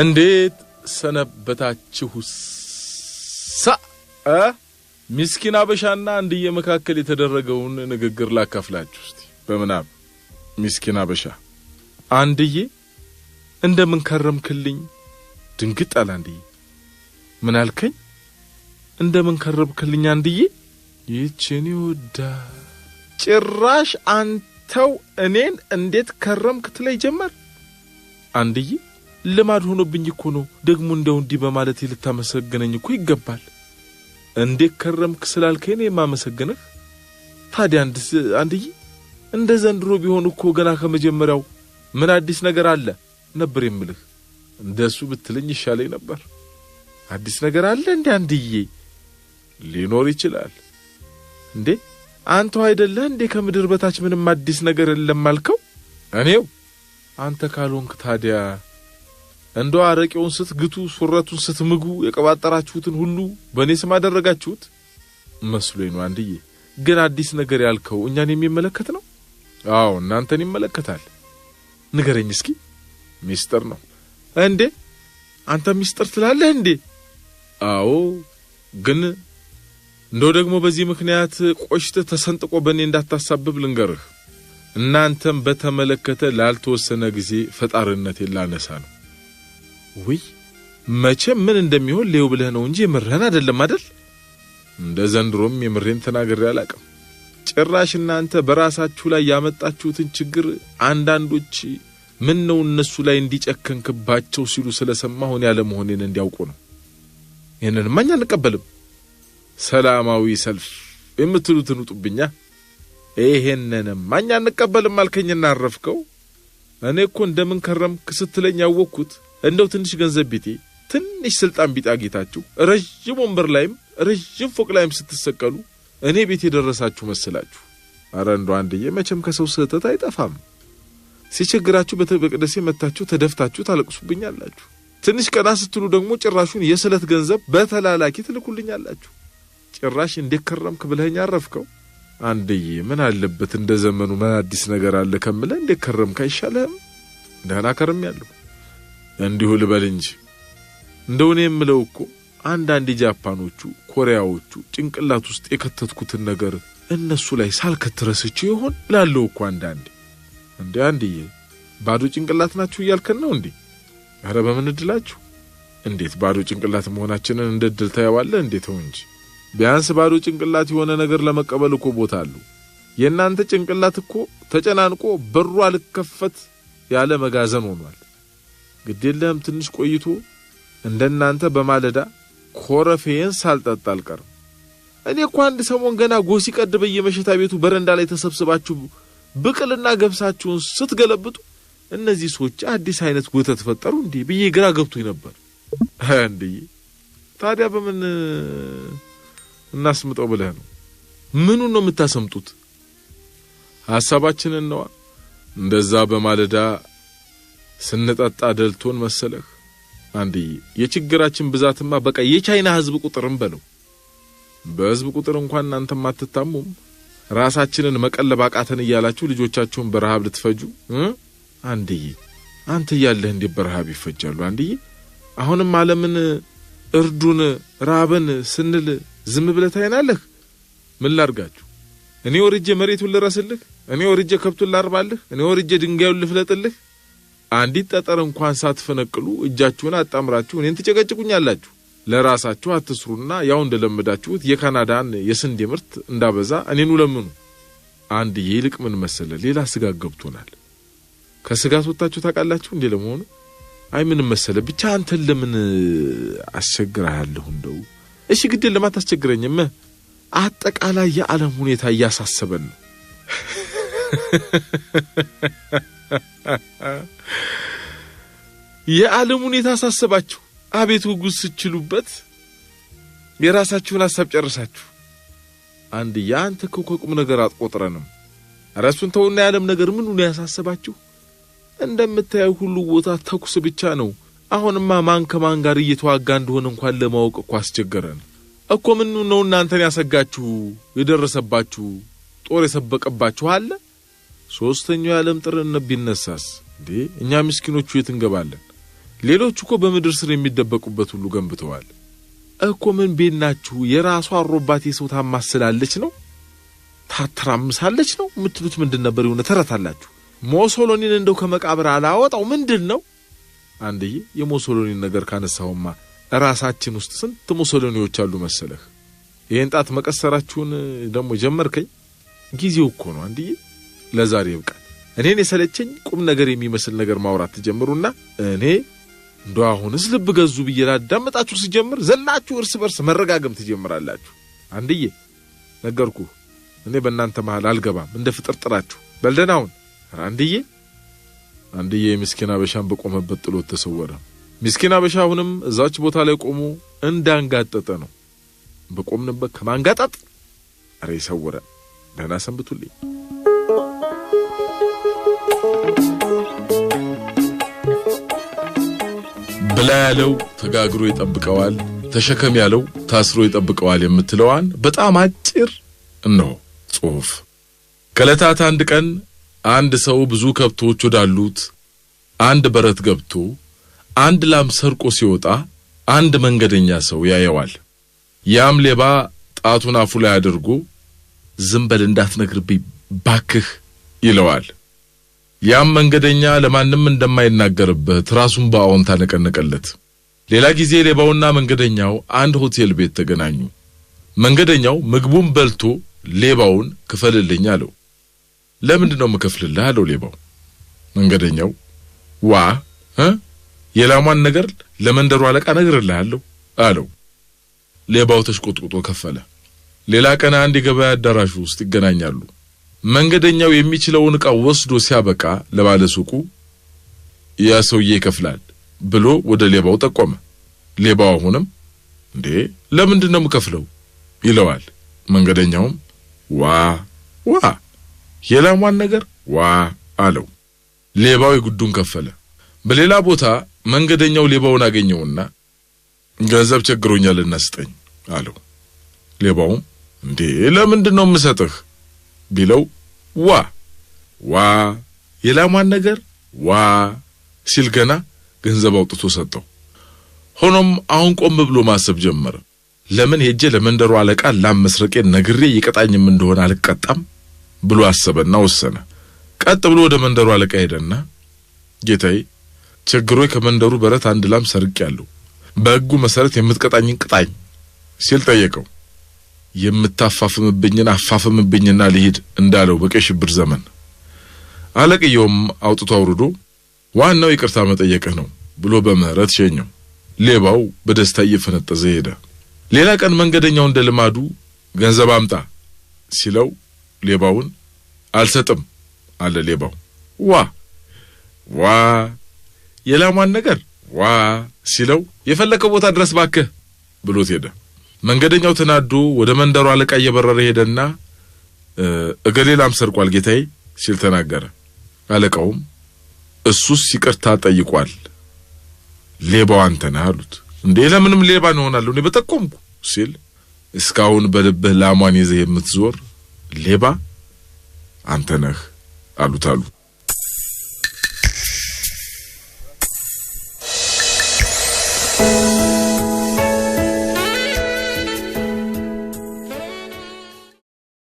እንዴት ሰነበታችሁሳ? ሚስኪን አበሻና አንድዬ መካከል የተደረገውን ንግግር ላካፍላችሁ እስቲ። በምናብ ምስኪን አበሻ አንድዬ እንደምን ከረምክልኝ? ድንግጥ አለ አንድዬ። ምን አልከኝ? እንደምን ከረምክልኝ አንድዬ። ይችን ይወዳ ጭራሽ አንተው እኔን እንዴት ከረምክ ትለይ ጀመር አንድዬ ልማድ ሆኖብኝ እኮ ነው። ደግሞ እንደው እንዲህ በማለቴ ልታመሰግነኝ እኮ ይገባል። እንዴት ከረምክ ስላልከኝ ነው የማመሰግንህ። ታዲያ አንድዬ እንደ ዘንድሮ ቢሆን እኮ ገና ከመጀመሪያው ምን አዲስ ነገር አለ ነበር የምልህ። እንደሱ ብትልኝ ይሻለኝ ነበር። አዲስ ነገር አለ እንዴ? አንድዬ ሊኖር ይችላል እንዴ? አንተው አይደለህ እንዴ ከምድር በታች ምንም አዲስ ነገር የለም አልከው? እኔው አንተ ካልሆንክ ታዲያ እንደ አረቄውን ስትግቱ ሱረቱን ስትምጉ የቀባጠራችሁትን ሁሉ በእኔ ስም አደረጋችሁት መስሎኝ ነው። አንድዬ ግን አዲስ ነገር ያልከው እኛን የሚመለከት ነው? አዎ እናንተን ይመለከታል። ንገረኝ እስኪ። ሚስጥር ነው እንዴ? አንተ ሚስጥር ትላለህ እንዴ? አዎ ግን እንደው ደግሞ በዚህ ምክንያት ቆሽተ ተሰንጥቆ በእኔ እንዳታሳብብ ልንገርህ። እናንተም በተመለከተ ላልተወሰነ ጊዜ ፈጣሪነት ላነሳ ነው። ውይ መቼም ምን እንደሚሆን ሌው ብለህ ነው እንጂ የምርህን አይደለም አደል? እንደ ዘንድሮም የምሬን ተናግሬ አላቅም። ጭራሽ እናንተ በራሳችሁ ላይ ያመጣችሁትን ችግር አንዳንዶች ምን ነው እነሱ ላይ እንዲጨከንክባቸው ሲሉ ስለሰማሁን ያለመሆኔን እንዲያውቁ ነው። ይህንን እኛ አንቀበልም። ሰላማዊ ሰልፍ የምትሉትን ውጡብኛ። ይሄንንማ እኛ አንቀበልም አልከኝና አረፍከው። እኔ እኮ እንደምን ከረምክ ስትለኝ ያወቅኩት እንደው ትንሽ ገንዘብ ቢጤ ትንሽ ስልጣን ቢጤ አጌታችሁ ረዥም ወንበር ላይም ረዥም ፎቅ ላይም ስትሰቀሉ እኔ ቤት የደረሳችሁ መስላችሁ። አረ እንደው አንድዬ መቼም ከሰው ስህተት አይጠፋም። ሲቸግራችሁ በመቅደሴ መታችሁ ተደፍታችሁ ታለቅሱብኛላችሁ። ትንሽ ቀና ስትሉ ደግሞ ጭራሹን የስለት ገንዘብ በተላላኪ ትልኩልኛላችሁ። ጭራሽ እንዴት ከረምክ ብለኸኝ አረፍከው። አንድዬ ምን አለበት እንደ ዘመኑ ምን አዲስ ነገር አለ ከምለ እንዴት ከረምክ አይሻልህም? ደህና ያለሁ። እንዲሁ ልበል እንጂ እንደው እኔ የምለው እኮ አንዳንድ ጃፓኖቹ፣ ኮሪያዎቹ ጭንቅላት ውስጥ የከተትኩትን ነገር እነሱ ላይ ሳልከት ይሆን ላለው እኮ አንዳንዴ። እንዴ አንድዬ ባዶ ጭንቅላት ናችሁ እያልከን ነው እንዴ? ኧረ በምን እድላችሁ! እንዴት ባዶ ጭንቅላት መሆናችንን እንደ እድል እንዴት ተው እንጂ ቢያንስ ባዶ ጭንቅላት የሆነ ነገር ለመቀበል እኮ ቦታ አለው። የእናንተ ጭንቅላት እኮ ተጨናንቆ በሩ አልከፈት ያለ መጋዘን ሆኗል። ግዴለም ትንሽ ቆይቶ እንደናንተ በማለዳ ኮረፌን ሳልጠጣ አልቀርም። እኔ እኮ አንድ ሰሞን ገና ጎህ ሲቀድ በየመሸታ ቤቱ በረንዳ ላይ ተሰብስባችሁ ብቅልና ገብሳችሁን ስትገለብጡ እነዚህ ሰዎች አዲስ አይነት ወተት ፈጠሩ እንዴ ብዬ ግራ ገብቶኝ ነበር። እንድዬ ታዲያ በምን እናስምጠው ብለህ ነው? ምኑን ነው የምታሰምጡት? ሐሳባችንን ነዋ። እንደዛ በማለዳ ስንጠጣ ደልቶን መሰለህ? አንዴ የችግራችን ብዛትማ በቃ የቻይና ህዝብ ቁጥርም በለው። በህዝብ ቁጥር እንኳን እናንተም አትታሙም። ራሳችንን መቀለብ አቃተን እያላችሁ ልጆቻችሁን በረሃብ ልትፈጁ። አንድዬ አንተ እያለህ እንዴት በረሃብ ይፈጃሉ? አንድዬ አሁንም ዓለምን እርዱን፣ ራብን ስንል ዝም ብለህ ታይናለህ። ምን ላርጋችሁ? እኔ ወርጄ መሬቱን ልረስልህ? እኔ ወርጄ ከብቱን ላርባልህ? እኔ ወርጄ ድንጋዩን ልፍለጥልህ? አንዲት ጠጠር እንኳን ሳትፈነቅሉ እጃችሁን አጣምራችሁ እኔን ትጨቀጭቁኛላችሁ። ለራሳችሁ አትስሩና ያው እንደለመዳችሁት የካናዳን የስንዴ ምርት እንዳበዛ እኔኑ ለምኑ። አንድ ይልቅ ምን መሰለ ሌላ ስጋት ገብቶናል። ከስጋት ወጥታችሁ ታውቃላችሁ እንዴ? ለመሆኑ አይ ምን መሰለ ብቻ አንተን ለምን አስቸግርሃለሁ? እንደው እሺ ግድል ለማት አስቸግረኝም። አጠቃላይ የዓለም ሁኔታ እያሳሰበን ነው። የዓለም ሁኔታ አሳሰባችሁ። አቤት ጉጉዝ ስችሉበት የራሳችሁን ሐሳብ ጨርሳችሁ። አንድ አንተ እኮ ከቁም ነገር አትቆጥረንም። ረሱን ተውና የዓለም ነገር ምኑ ነው ያሳሰባችሁ? እንደምታየው ሁሉ ቦታ ተኩስ ብቻ ነው። አሁንማ ማን ከማን ጋር እየተዋጋ እንደሆነ እንኳን ለማወቅ እኮ አስቸገረን እኮ። ምኑ ነው እናንተን ያሰጋችሁ? የደረሰባችሁ ጦር የሰበቀባችሁ አለ? ሦስተኛው የዓለም ጦርነት ቢነሳስ እንዴ እኛ ምስኪኖቹ የት እንገባለን? ሌሎች እኮ በምድር ስር የሚደበቁበት ሁሉ ገንብተዋል እኮ። ምን ቤት ናችሁ? የራሷ አሮባት የሰው ታማስላለች ነው ታተራምሳለች ነው የምትሉት ምንድን ነበር? የሆነ ተረታላችሁ? ሞሶሎኒን እንደው ከመቃብር አላወጣው ምንድን ነው? አንድዬ የሞሶሎኒን ነገር ካነሳሁማ ራሳችን ውስጥ ስንት ሞሶሎኒዎች አሉ መሰለህ። ይህን ጣት መቀሰራችሁን ደግሞ ጀመርከኝ። ጊዜው እኮ ነው አንድዬ፣ ለዛሬ ይብቃል። እኔን የሰለቸኝ ቁም ነገር የሚመስል ነገር ማውራት ትጀምሩና እኔ እንደ አሁንስ ልብ ገዙ ብዬ ላዳመጣችሁ ስጀምር ዘላችሁ እርስ በርስ መረጋገም ትጀምራላችሁ። አንድዬ ነገርኩ፣ እኔ በእናንተ መሃል አልገባም፣ እንደ ፍጥር ጥራችሁ አሁን አንድዬ አንድዬ ምስኪን አበሻን በቆመበት ጥሎት ተሰወረ። ምስኪን አበሻ አሁንም እዛች ቦታ ላይ ቆሞ እንዳንጋጠጠ ነው። በቆምንበት ከማንጋጠጥ ኧረ ይሰውረን። ደህና ሰንብቱልኝ። ላይ ያለው ተጋግሮ ይጠብቀዋል፣ ተሸከም ያለው ታስሮ ይጠብቀዋል የምትለዋን በጣም አጭር ነው ጽሑፍ። ከዕለታት አንድ ቀን አንድ ሰው ብዙ ከብቶች ወዳሉት አንድ በረት ገብቶ አንድ ላም ሰርቆ ሲወጣ አንድ መንገደኛ ሰው ያየዋል። ያም ሌባ ጣቱን አፉ ላይ አድርጎ ዝም በል እንዳትነግርብኝ ባክህ ይለዋል። ያም መንገደኛ ለማንም እንደማይናገርበት ራሱን በአዎንታ ነቀነቀለት። ሌላ ጊዜ ሌባውና መንገደኛው አንድ ሆቴል ቤት ተገናኙ። መንገደኛው ምግቡን በልቶ ሌባውን ክፈልልኝ አለው። ለምንድን ነው የምከፍልልህ አለው ሌባው። መንገደኛው ዋ እ የላሟን ነገር ለመንደሩ አለቃ እነግርልሃለሁ አለው። ሌባው ተሽቆጥቁጦ ከፈለ። ሌላ ቀን አንድ የገበያ አዳራሽ ውስጥ ይገናኛሉ። መንገደኛው የሚችለውን ዕቃ ወስዶ ሲያበቃ ለባለሱቁ ያ ሰውዬ ይከፍላል ብሎ ወደ ሌባው ጠቆመ። ሌባው አሁንም እንዴ ለምንድን ነው የምከፍለው ይለዋል። መንገደኛውም ዋ ዋ የላሟን ነገር ዋ አለው። ሌባው የጉዱን ከፈለ። በሌላ ቦታ መንገደኛው ሌባውን አገኘውና ገንዘብ ቸግሮኛልና ስጠኝ አለው። ሌባውም እንዴ ለምንድን ነው የምሰጥህ ቢለው ዋ ዋ የላሟን ነገር ዋ ሲል ገና ገንዘብ አውጥቶ ሰጠው። ሆኖም አሁን ቆም ብሎ ማሰብ ጀመረ። ለምን ሄጄ ለመንደሩ አለቃ ላም መስረቄን ነግሬ ይቀጣኝም እንደሆነ አልቀጣም ብሎ አሰበና ወሰነ። ቀጥ ብሎ ወደ መንደሩ አለቃ ሄደና ጌታዬ፣ ችግሮይ ከመንደሩ በረት አንድ ላም ሰርቄያለሁ፣ በሕጉ መሰረት የምትቀጣኝን ቅጣኝ ሲል ጠየቀው። የምታፋፍምብኝን አፋፍምብኝና ልሂድ እንዳለው በቀይ ሽብር ዘመን አለቅየውም አውጥቶ አውርዶ ዋናው ይቅርታ መጠየቅህ ነው ብሎ በምህረት ሸኘው። ሌባው በደስታ እየፈነጠዘ ሄደ። ሌላ ቀን መንገደኛው እንደ ልማዱ ገንዘብ አምጣ ሲለው ሌባውን አልሰጥም አለ። ሌባው ዋ ዋ የላሟን ነገር ዋ ሲለው የፈለከው ቦታ ድረስ ባክህ ብሎት ሄደ። መንገደኛው ተናዶ ወደ መንደሩ አለቃ እየበረረ ሄደና እገሌ ላም ሰርቋል ጌታዬ ሲል ተናገረ። አለቃውም እሱስ ይቅርታ ጠይቋል፣ ሌባው አንተ ነህ አሉት። እንዴ ለምንም ሌባ እንሆናለሁ እኔ በጠቆምኩ ሲል እስካሁን በልብህ ላሟን ይዘህ የምትዞር ሌባ አንተ ነህ አሉት አሉ።